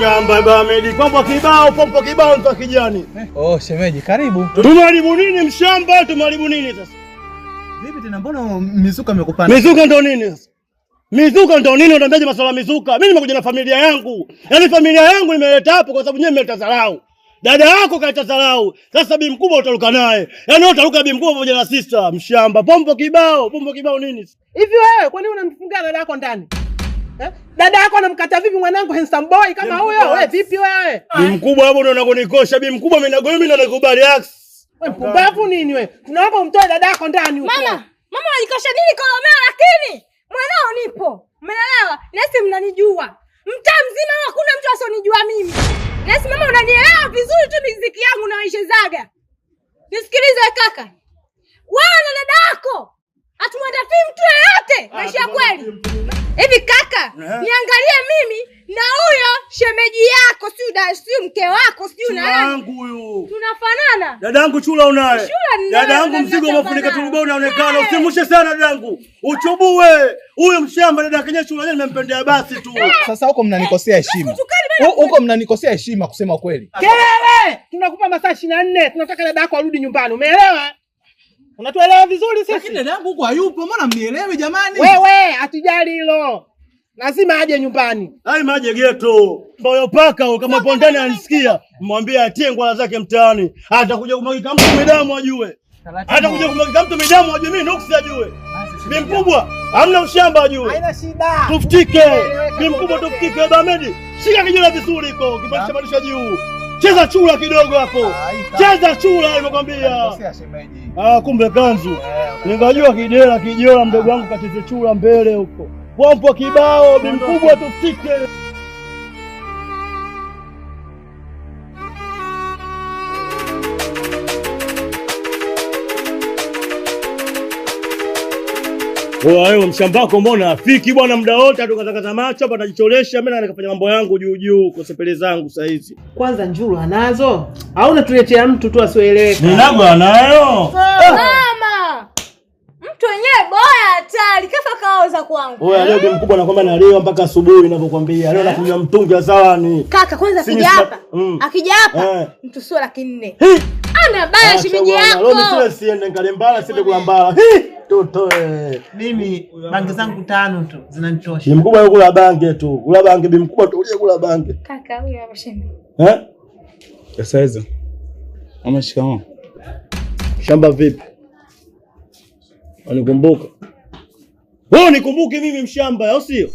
Shamba bamedi pompo kibao pompo kibao mtu kijani. Eh? Oh, shemeji karibu. Tumaribu nini mshamba? Tumaribu nini sasa? Vipi tena mbona mizuka imekupanda? Mizuka ndo nini sasa? Mizuka ndo nini unaniambia masuala mizuka? Mimi nimekuja na familia yangu. Yaani familia yangu nimeleta hapo kwa sababu nyewe mmeleta dharau. Dada yako kaleta dharau. Sasa bi mkubwa utaruka naye. Yaani wewe utaruka bi mkubwa pamoja na sister mshamba. Pompo kibao, pompo kibao nini? Hivi wewe kwa nini unamfunga dada yako ndani? Dada yako anamkata vipi mwanangu handsome boy kama huyo? Wewe vipi wewe? Ni mkubwa hapo ndo anakonikosha. Bi mkubwa mimi nagoe mimi ndo nakubali ax. Wewe mpumbavu nini wewe? Tunaomba umtoe dada yako ndani huko. Mama, mama unanikosha nini kwa Romeo lakini? Mwanao nipo. Mmelala. Nasi mnanijua. Mtaa mzima hakuna mtu asionijua mimi. Nasi mama unanielewa vizuri tu miziki yangu na maisha zaga. Nisikilize kaka. Wewe na dada Ah, maisha ya kweli hivi kaka, eh? niangalie mimi na huyo shemeji yako, siu mke wako, yangu huyo. tunafanana. Dadangu chula unaye, dadangu mzigo umefunika turuba, unaonekana eh. usimushe sana dadangu, uchubue huyo mshamba. Dada kenye chula yeye nimempendea basi tu. Eh. Sasa huko mnanikosea heshima, huko mnanikosea heshima, kusema kweli. Kelele, tunakupa masaa 24. tunataka dada yako arudi nyumbani, umeelewa? Unatuelewa vizuri sisi? Lakini yangu huko hayupo, mbona mnielewi jamani? Wewe atujali hilo. Lazima aje nyumbani. Hai maje geto. Mboyo paka kama pondani anisikia, mwambie atie ngwala zake mtaani. Atakuja kumwagika mtu midamu ajue. Atakuja kumwagika mtu midamu ajue mimi nuksi ajue. Ni mkubwa, hamna ushamba ajue. Haina shida. Tufutike. Ni mkubwa tufutike Bamedi. Shika kijana vizuri iko, Kibadilisha pandisha juu. Cheza chula kidogo hapo, ah, cheza chula nimekwambia. Ah, kumbe ganzu. Eh, ningajua kidela kijola, mdogo wangu kacheze chula mbele huko, wampo kibao ah, bimkubwa tufike Wewe mshambako mbona afiki bwana, muda wote atukazakaza macho hapa, najicholesha mimi nikafanya mambo yangu juu juu kosepele zangu saa hizi. Kwanza njuru anazo au unatuletea mtu tu asioeleweka? Ninago anayo eh. ah. mama, mtu wenyewe boya hatari kafa kaoza kwangu. Wewe leo bibi mkubwa anakwambia nalewa mpaka asubuhi, ninavyokuambia leo eh? nakunywa mtungi wa sawani. Kaka kwanza mm. akija hapa, akija eh. hapa mtu sio laki nne Hapana baya shilingi yako. siende Toto. Mimi zangu tano tu zinanitosha. mkubwa yuko tu. Kula bi mkubwa tu kula Kaka hapa Eh? hizo. Shamba vipi? Wanikumbuka? Wewe mimi mshamba au sio?